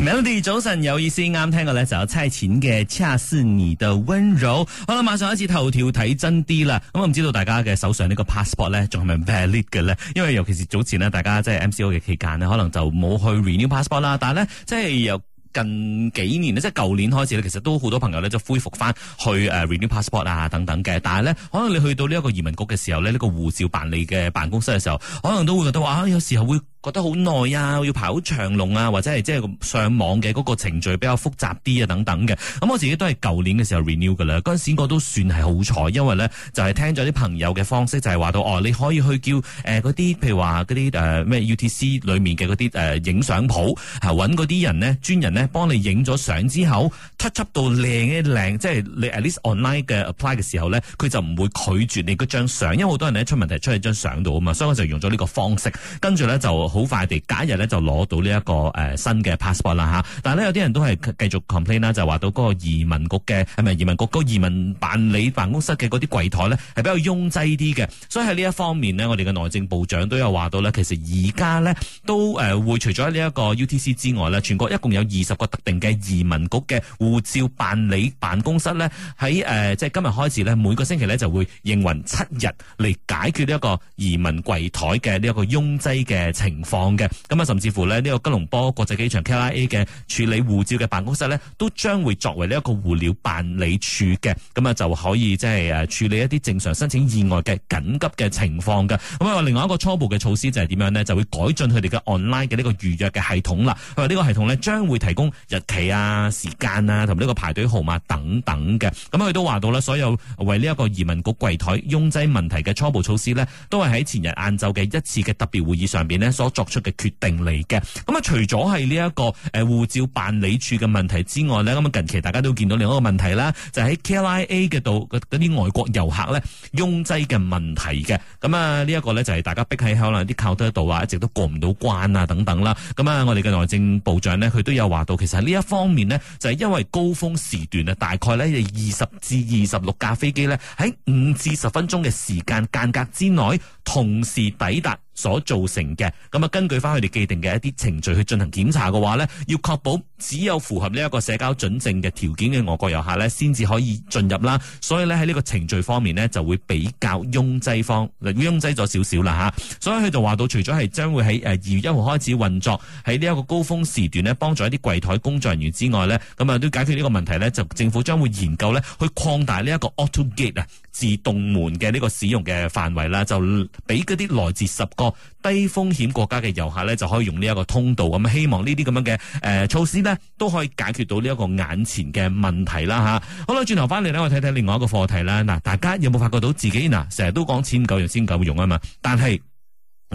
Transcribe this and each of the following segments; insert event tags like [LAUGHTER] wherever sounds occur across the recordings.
Melody，早晨，有意思啱聽過咧就有差錢嘅恰似你的溫柔。好啦，馬上開始頭條睇真啲啦。咁我唔知道大家嘅手上呢個 passport 咧，仲係咪 valid 嘅咧？因為尤其是早前呢，大家即係 MCO 嘅期間呢，可能就冇去 renew passport 啦。但係咧，即係由近幾年即係舊年開始咧，其實都好多朋友咧，就恢復翻去誒 renew passport 啊等等嘅。但係咧，可能你去到呢一個移民局嘅時候咧，呢、呢個護照辦理嘅辦公室嘅時候，可能都會覺得：「話啊，有時候會。覺得好耐啊，要排好長龍啊，或者係即係上網嘅嗰個程序比較複雜啲啊，等等嘅。咁、嗯、我自己都係舊年嘅時候 renew 噶啦，嗰陣時我都算係好彩，因為咧就係、是、聽咗啲朋友嘅方式，就係話到哦，你可以去叫誒嗰啲，譬如話嗰啲誒咩 UTC 裏面嘅嗰啲誒影相鋪，揾嗰啲人呢專人呢幫你影咗相之後。七質到靚一靚，即係你 at least online 嘅 apply 嘅時候咧，佢就唔會拒絕你嗰張相，因為好多人咧出問題出喺張相度啊嘛，所以我就用咗呢個方式，跟住咧就好快地隔一日咧就攞到呢、這、一個誒、呃、新嘅 passport 啦吓，但係咧有啲人都係繼續 complain 啦，就話到嗰個移民局嘅係咪移民局、嗰個移民辦理辦公室嘅嗰啲櫃枱咧係比較擁擠啲嘅，所以喺呢一方面呢，我哋嘅內政部長都有話到咧，其實而家咧都誒會除咗呢一個 UTC 之外咧，全國一共有二十個特定嘅移民局嘅。護照辦理辦公室呢，喺誒、呃，即係今日開始咧，每個星期咧就會營運七日嚟解決呢一個移民櫃台嘅呢一個擁擠嘅情況嘅。咁、嗯、啊，甚至乎咧呢、呢個吉隆坡國際機場 KLIA 嘅處理護照嘅辦公室呢，都將會作為呢一個護照辦理處嘅。咁啊，就可以即係誒、啊、處理一啲正常申請、意外嘅緊急嘅情況嘅。咁、嗯、啊，另外一個初步嘅措施就係點樣呢？就會改進佢哋嘅 online 嘅呢個預約嘅系統啦。佢話呢個系統呢，將會提供日期啊、時間啊。同呢個排隊號碼等等嘅，咁佢都話到咧，所有為呢一個移民局櫃枱擁擠問題嘅初步措施咧，都係喺前日晏晝嘅一次嘅特別會議上邊咧所作出嘅決定嚟嘅。咁啊，除咗係呢一個誒護照辦理處嘅問題之外咧，咁近期大家都見到另一個問題啦，就係喺 KIA 嘅度嗰嗰啲外國遊客咧擁擠嘅問題嘅。咁啊，呢一個咧就係大家逼喺可能啲靠台度啊，一直都過唔到關啊等等啦。咁啊，我哋嘅內政部長咧，佢都有話到，其實喺呢一方面咧，就係因為高峰時段啊，大概咧就二十至二十六架飛機咧，喺五至十分鐘嘅時間間隔之內同時抵達。所造成嘅咁啊，根據翻佢哋既定嘅一啲程序去進行檢查嘅話咧，要確保只有符合呢一個社交準證嘅條件嘅外國遊客咧，先至可以進入啦。所以咧喺呢個程序方面咧，就會比較擁擠方，擁擠咗少少啦吓，所以佢就話到，除咗係將會喺誒二月一號開始運作，喺呢一個高峰時段咧，幫助一啲櫃台工作人員之外咧，咁啊都解決呢個問題咧，就政府將會研究咧去擴大呢一個 auto gate 啊自動門嘅呢個使用嘅範圍啦，就俾嗰啲來自十個。低風險國家嘅遊客咧就可以用呢一個通道，咁希望呢啲咁樣嘅誒、呃、措施呢，都可以解決到呢一個眼前嘅問題啦吓。好啦，轉頭翻嚟，咧我睇睇另外一個課題啦。嗱，大家有冇發覺到自己嗱，成日都講錢唔夠用先夠用啊嘛？但係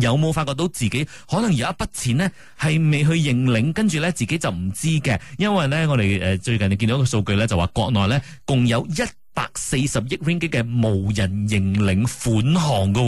有冇發覺到自己可能有一筆錢呢，係未去認領，跟住呢自己就唔知嘅？因為呢，我哋誒、呃、最近你見到一個數據呢，就話國內呢，共有一。百四十億 Ringgit 嘅無人認領款項嘅，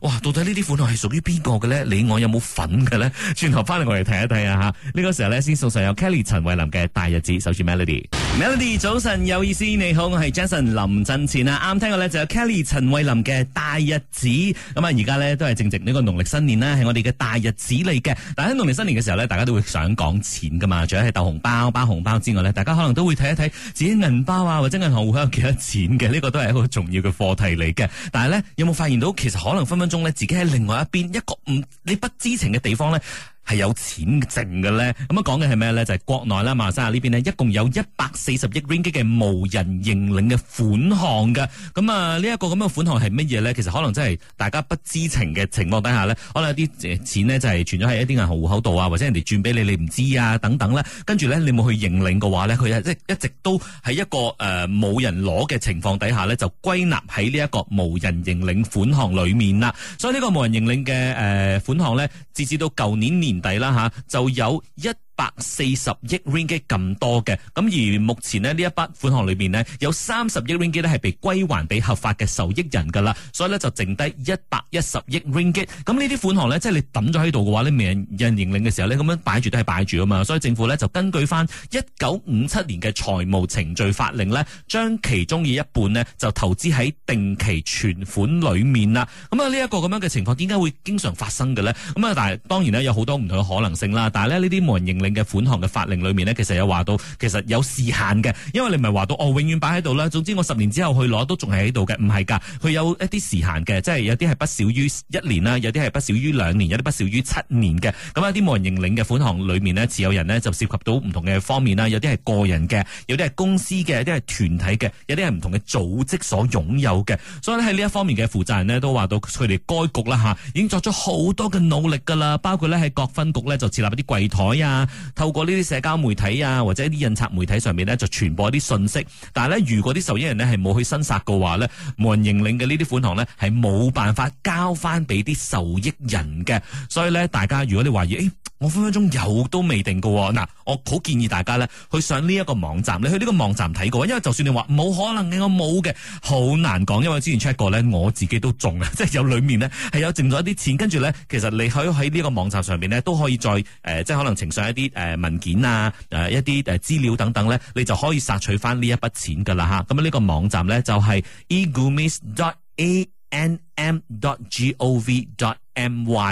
哇！到底項屬於呢啲款項係屬於邊個嘅咧？你我有冇份嘅咧？轉頭翻嚟我哋睇一睇啊！吓，呢個時候咧先送上有 Kelly 陳慧琳嘅大日子，首選 Melody。Melody，早晨，有意思，你好，我係 Jason。臨陣前啊，啱聽過咧就係 Kelly 陳慧琳嘅大日子。咁啊，而家咧都係正值呢個農曆新年啦，係我哋嘅大日子嚟嘅。但喺農曆新年嘅時候咧，大家都會想講錢噶嘛，除咗係逗紅包、包紅包之外咧，大家可能都會睇一睇自己銀包啊，或者銀行戶口有幾多錢嘅，呢、這個都係一個重要嘅課題嚟嘅。但係咧，有冇發現到其實可能分分鐘咧，自己喺另外一邊一個唔你不知情嘅地方咧？係有錢剩嘅咧，咁啊講嘅係咩咧？就係、是、國內啦，馬來西亞，呢邊呢，一共有一百四十億 ringgit 嘅無人認領嘅款項嘅。咁啊，呢一個咁嘅款項係乜嘢咧？其實可能真係大家不知情嘅情況底下咧，可能有啲錢呢，就係存咗喺一啲銀行戶口度啊，或者人哋轉俾你，你唔知啊等等咧。跟住咧，你冇去認領嘅話咧，佢啊即係一直都喺一個誒冇、呃、人攞嘅情況底下咧，就歸納喺呢一個無人認領款項裡面啦。所以呢個無人認領嘅誒、呃、款項咧，直至到舊年年底啦吓，就有一 [NOISE] 百四十億 ringgit 咁多嘅，咁而目前呢，呢一筆款項裏邊呢，有三十億 ringgit 呢係被歸還俾合法嘅受益人噶啦，所以呢，就剩低一百一十億 ringgit，咁呢啲款項呢，即係你抌咗喺度嘅話呢，你未有人認領嘅時候呢，咁樣擺住都係擺住啊嘛，所以政府呢，就根據翻一九五七年嘅財務程序法令呢，將其中嘅一半呢，就投資喺定期存款裏面啦，咁啊呢一個咁樣嘅情況，點解會經常發生嘅呢？咁啊，但係當然呢，有好多唔同嘅可能性啦，但係呢呢啲冇人認領。嘅款項嘅法令裏面呢，其實有話到，其實有時限嘅，因為你唔係話到哦，永遠擺喺度啦。總之我十年之後去攞都仲係喺度嘅，唔係㗎，佢有一啲時限嘅，即係有啲係不少於一年啦，有啲係不少於兩年，有啲不少於七年嘅。咁一啲冇人認領嘅款項裏面呢，持有人呢就涉及到唔同嘅方面啦，有啲係個人嘅，有啲係公司嘅，有啲係團體嘅，有啲係唔同嘅組織所擁有嘅。所以呢喺呢一方面嘅負責人呢都話到，佢哋該局啦嚇已經作咗好多嘅努力㗎啦，包括呢喺各分局呢，就設立一啲櫃台啊。透過呢啲社交媒體啊，或者一啲印刷媒體上面咧，就傳播一啲信息。但係咧，如果啲受益人咧係冇去申索嘅話咧，冇人認領嘅呢啲款項咧係冇辦法交翻俾啲受益人嘅。所以咧，大家如果你懷疑，誒、哎。我分分鐘有都未定噶。哦，嗱，我好建議大家咧去上呢一個網站，你去呢個網站睇過，因為就算你話冇可能嘅，我冇嘅，好難講，因為之前 check 過咧，我自己都中喇，即係有裏面咧係有剩咗一啲錢，跟住咧其實你可喺呢一個網站上邊咧都可以再誒、呃，即係可能呈上一啲誒、呃、文件啊，誒、呃、一啲誒資料等等咧，你就可以索取翻呢一筆錢噶啦吓。咁呢、嗯這個網站咧就係、是、e g o m、um、i s dot e n.m.dot.gov.dot.my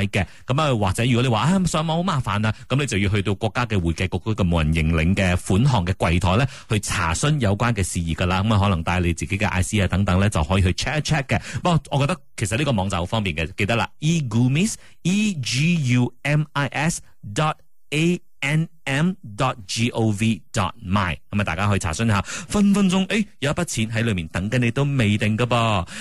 嘅，咁啊或者如果你話啊上網好麻煩啊，咁你就要去到國家嘅會計局嗰個冇人認領嘅款項嘅櫃台咧，去查詢有關嘅事宜噶啦，咁啊可能帶你自己嘅 I C 啊等等咧，就可以去 check 一 check 嘅。不過我覺得其實呢個網站好方便嘅，記得啦，e g o m i s e g u m i s d o t a n m.dot.gov.dot.my 咁啊，my, 大家可以查詢一下，分分鐘誒、哎、有一筆錢喺裏面等緊你都未定噶噃。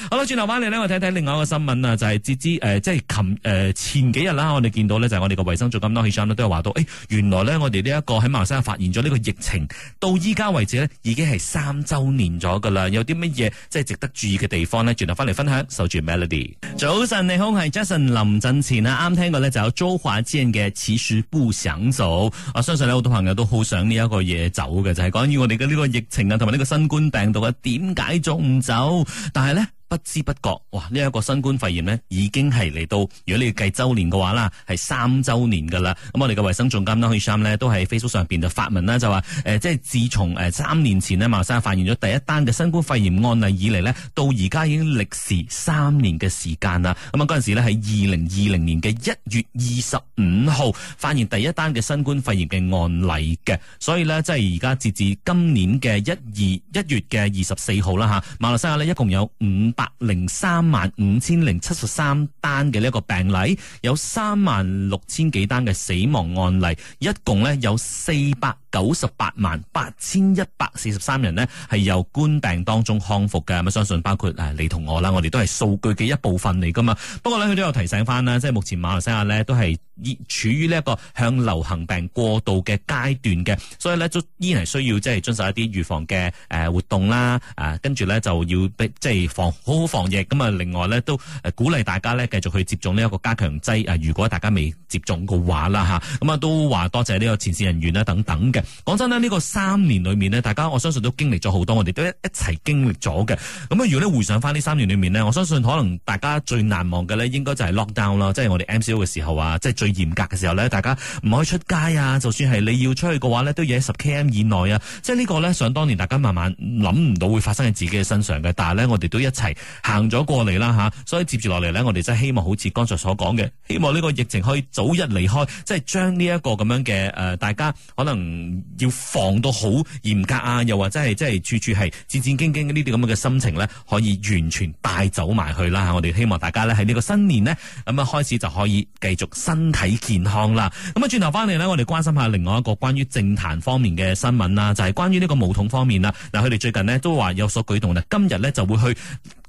好啦，轉頭翻嚟咧，我睇睇另外一個新聞啊，就係、是、截至誒、呃、即係琴誒前幾日啦，我哋見到咧就係、是、我哋個衛生署咁多起 e 都係話到誒、哎，原來咧我哋呢一個喺馬來西亞發現咗呢個疫情，到依家為止咧已經係三周年咗噶啦。有啲乜嘢即係值得注意嘅地方咧？轉頭翻嚟分享，守住 Melody。早晨，你好，我係 Jason。臨陣前啦，啱聽過咧就有周華健嘅《其實不想走》。相信咧，好多朋友都好想呢一個嘢走嘅，就係關於我哋嘅呢個疫情啊，同埋呢個新冠病毒啊，點解仲唔走？但係咧。不知不覺，哇！呢、這、一個新冠肺炎咧，已經係嚟到。如果你要計周年嘅話啦，係三周年噶啦。咁、嗯、我哋嘅衛生總監拉許山咧，嗯、都喺 Facebook 上邊就發文啦，就話誒、呃，即係自從誒三年前咧，馬來西亞發現咗第一單嘅新冠肺炎案例以嚟咧，到而家已經歷時三年嘅時間啦。咁、嗯、啊，嗰陣時咧係二零二零年嘅一月二十五號發現第一單嘅新冠肺炎嘅案例嘅，所以呢，即係而家截至今年嘅一二一月嘅二十四號啦吓，馬來西亞呢，一共有五百百零三萬五千零七十三單嘅呢一個病例，有三萬六千幾單嘅死亡案例，一共咧有四百。九十八萬八千一百四十三人呢，係由冠病當中康復嘅。咁，相信包括誒你同我啦，我哋都係數據嘅一部分嚟噶嘛。不過呢，佢都有提醒翻啦，即係目前馬來西亞呢，都係依處於呢一個向流行病過渡嘅階段嘅，所以呢，都依然係需要即係遵守一啲預防嘅誒活動啦，誒，跟住呢，就要即係防好好防疫。咁啊，另外呢，都鼓勵大家呢，繼續去接種呢一個加強劑啊。如果大家未接種嘅話啦吓，咁啊都話多謝呢個前線人員啦等等嘅。講真咧，呢、呢個三年裏面呢，大家我相信都經歷咗好多，我哋都一一齊經歷咗嘅。咁啊，如果你回想翻呢三年裏面呢，我相信可能大家最難忘嘅呢，應該就係 lockdown 啦，即係我哋 MCO 嘅時候啊，即係最嚴格嘅時候呢，大家唔可以出街啊，就算係你要出去嘅話呢，都要喺十 km 以內啊。即係呢個呢，想當年大家慢慢諗唔到會發生喺自己嘅身上嘅，但係呢，我哋都一齊行咗過嚟啦吓。所以接住落嚟呢，我哋真係希望好似剛才所講嘅，希望呢個疫情可以早日離開，即係將呢一個咁樣嘅誒、呃，大家可能。要防到好嚴格啊！又或者係真係處處係戰戰兢兢呢啲咁嘅心情呢，可以完全帶走埋去啦！我哋希望大家呢喺呢個新年呢，咁啊開始就可以繼續身體健康啦！咁啊轉頭返嚟呢，我哋關心下另外一個關於政壇方面嘅新聞啦，就係、是、關於呢個武統方面啦。嗱，佢哋最近呢都話有所舉動啦，今日呢就會去。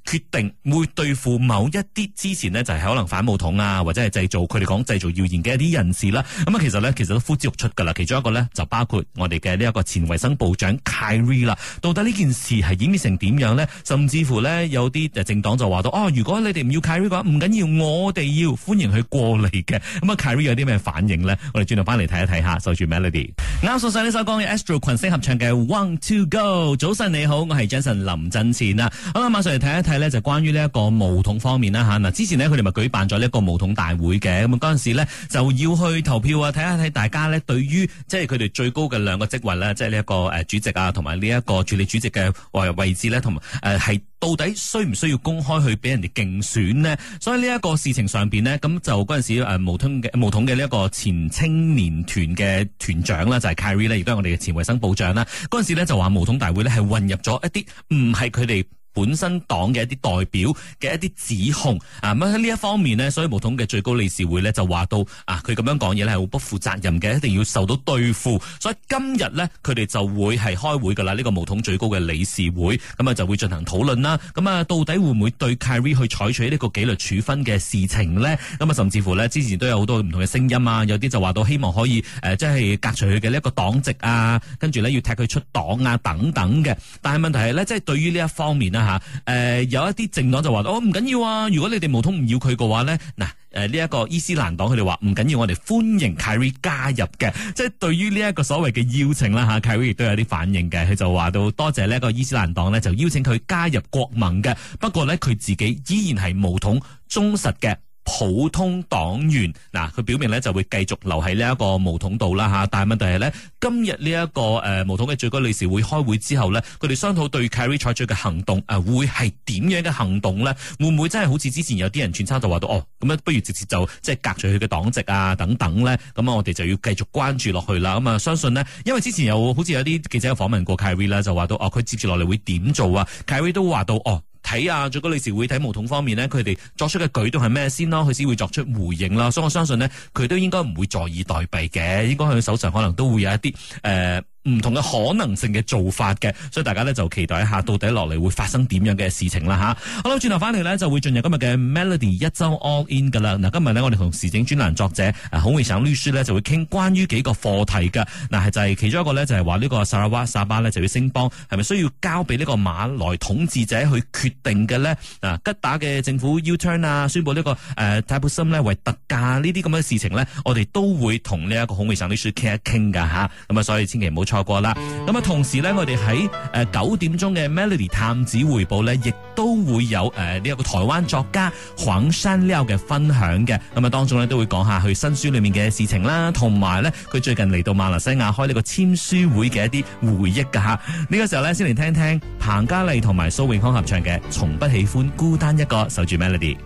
決定會對付某一啲之前呢，就係、是、可能反武動啊，或者係製造佢哋講製造謠言嘅一啲人士啦、啊。咁、嗯、啊，其實咧，其實都呼之欲出噶啦。其中一個咧，就包括我哋嘅呢一個前衞生部長 Kyrie 啦。到底呢件事係演變成點樣呢？甚至乎呢，有啲誒政黨就話到哦，如果你哋唔要 Kyrie 嘅話，唔緊要，我哋要歡迎佢過嚟嘅。咁、嗯、啊 Kyrie 有啲咩反應呢？我哋轉頭翻嚟睇一睇下守住 Melody。啱收曬呢首歌嘅 Astro 群星合唱嘅《One To Go》。早晨你好，我係 Jason 林振前啊。好啦，馬上嚟睇一睇。就關於呢一個巫統方面啦吓，嗱之前呢，佢哋咪舉辦咗呢一個巫統大會嘅，咁嗰陣時咧就要去投票啊，睇下睇大家呢。對於即係佢哋最高嘅兩個職位咧，即係呢一個誒主席啊，同埋呢一個署理主席嘅位置呢，同誒係到底需唔需要公開去俾人哋競選呢？所以呢一個事情上邊呢，咁就嗰陣時誒巫統嘅巫統嘅呢一個前青年團嘅團長啦，就係 Khairy 咧，亦都係我哋嘅前衛生部長啦。嗰陣時咧就話巫統大會呢係混入咗一啲唔係佢哋。本身黨嘅一啲代表嘅一啲指控啊，咁喺呢一方面呢，所以巫統嘅最高理事會呢就話到啊，佢咁樣講嘢呢，係好不負責任嘅，一定要受到對付。所以今日呢，佢哋就會係開會噶啦，呢、這個巫統最高嘅理事會咁啊就會進行討論啦。咁啊，到底會唔會對 Khairy 去採取呢個紀律處分嘅事情呢？咁啊，甚至乎呢，之前都有好多唔同嘅聲音啊，有啲就話到希望可以誒，即、呃、係、就是、革除佢嘅呢一個黨籍啊，跟住呢要踢佢出黨啊等等嘅。但係問題係、就是、呢，即係對於呢一方面啊。吓，誒、呃、有一啲政黨就話：哦，唔緊要啊！如果你哋巫統唔要佢嘅話咧，嗱、呃，誒呢一個伊斯蘭黨佢哋話唔緊要，我哋歡迎 Khairy 加入嘅，即係對於呢一個所謂嘅邀請啦嚇，Khairy 亦都有啲反應嘅，佢就話道多謝呢一個伊斯蘭黨咧，就邀請佢加入國盟嘅，不過咧佢自己依然係巫統忠實嘅。普通黨員嗱，佢表明咧就會繼續留喺呢一個毛筒度啦嚇，但係問題係咧，今日呢一個誒毛筒嘅最高理事會開會之後咧，佢哋商討對 k a r r i e 採取嘅行動誒、呃，會係點樣嘅行動咧？會唔會真係好似之前有啲人傳差就話到哦，咁樣不如直接就即係革咗佢嘅黨籍啊等等咧？咁、嗯、啊，我哋就要繼續關注落去啦。咁、嗯、啊，相信呢，因為之前有好似有啲記者訪問過 k a r r i e 啦，就話到哦，佢接住落嚟會點做啊 k a r r i 都話到哦。睇啊，最高理事會睇毛統方面咧，佢哋作出嘅舉動係咩先咯？佢先會作出回應啦。所以我相信咧，佢都應該唔會坐以待斃嘅，應該佢手上可能都會有一啲誒。呃唔同嘅可能性嘅做法嘅，所以大家呢就期待一下，到底落嚟會發生點樣嘅事情啦吓。好啦，轉頭翻嚟呢就會進入今日嘅 Melody 一周 All In 噶啦。嗱，今日呢我哋同時政專欄作者孔美省律師咧就會傾關於幾個課題嘅。嗱、啊，就係、是、其中一個呢就係、是、話呢個薩拉瓦沙巴呢就要升邦，係咪需要交俾呢個馬來統治者去決定嘅呢？嗱、啊，吉打嘅政府 U-turn 啊，宣布呢、這個誒、呃、泰普森咧為特價呢啲咁嘅事情呢，我哋都會同呢一個孔美省律師傾一傾噶吓。咁啊，啊，所以千祈唔好錯過啦，咁啊，同時咧，我哋喺誒九點鐘嘅 Melody 探子匯報咧，亦都會有誒呢一個台灣作家黃山料嘅分享嘅，咁啊當中咧都會講下佢新書裏面嘅事情啦，同埋咧佢最近嚟到馬來西亞開呢個簽書會嘅一啲回憶噶吓，呢、這個時候咧先嚟聽聽彭家麗同埋蘇永康合唱嘅《從不喜歡孤單一個守住 Melody》。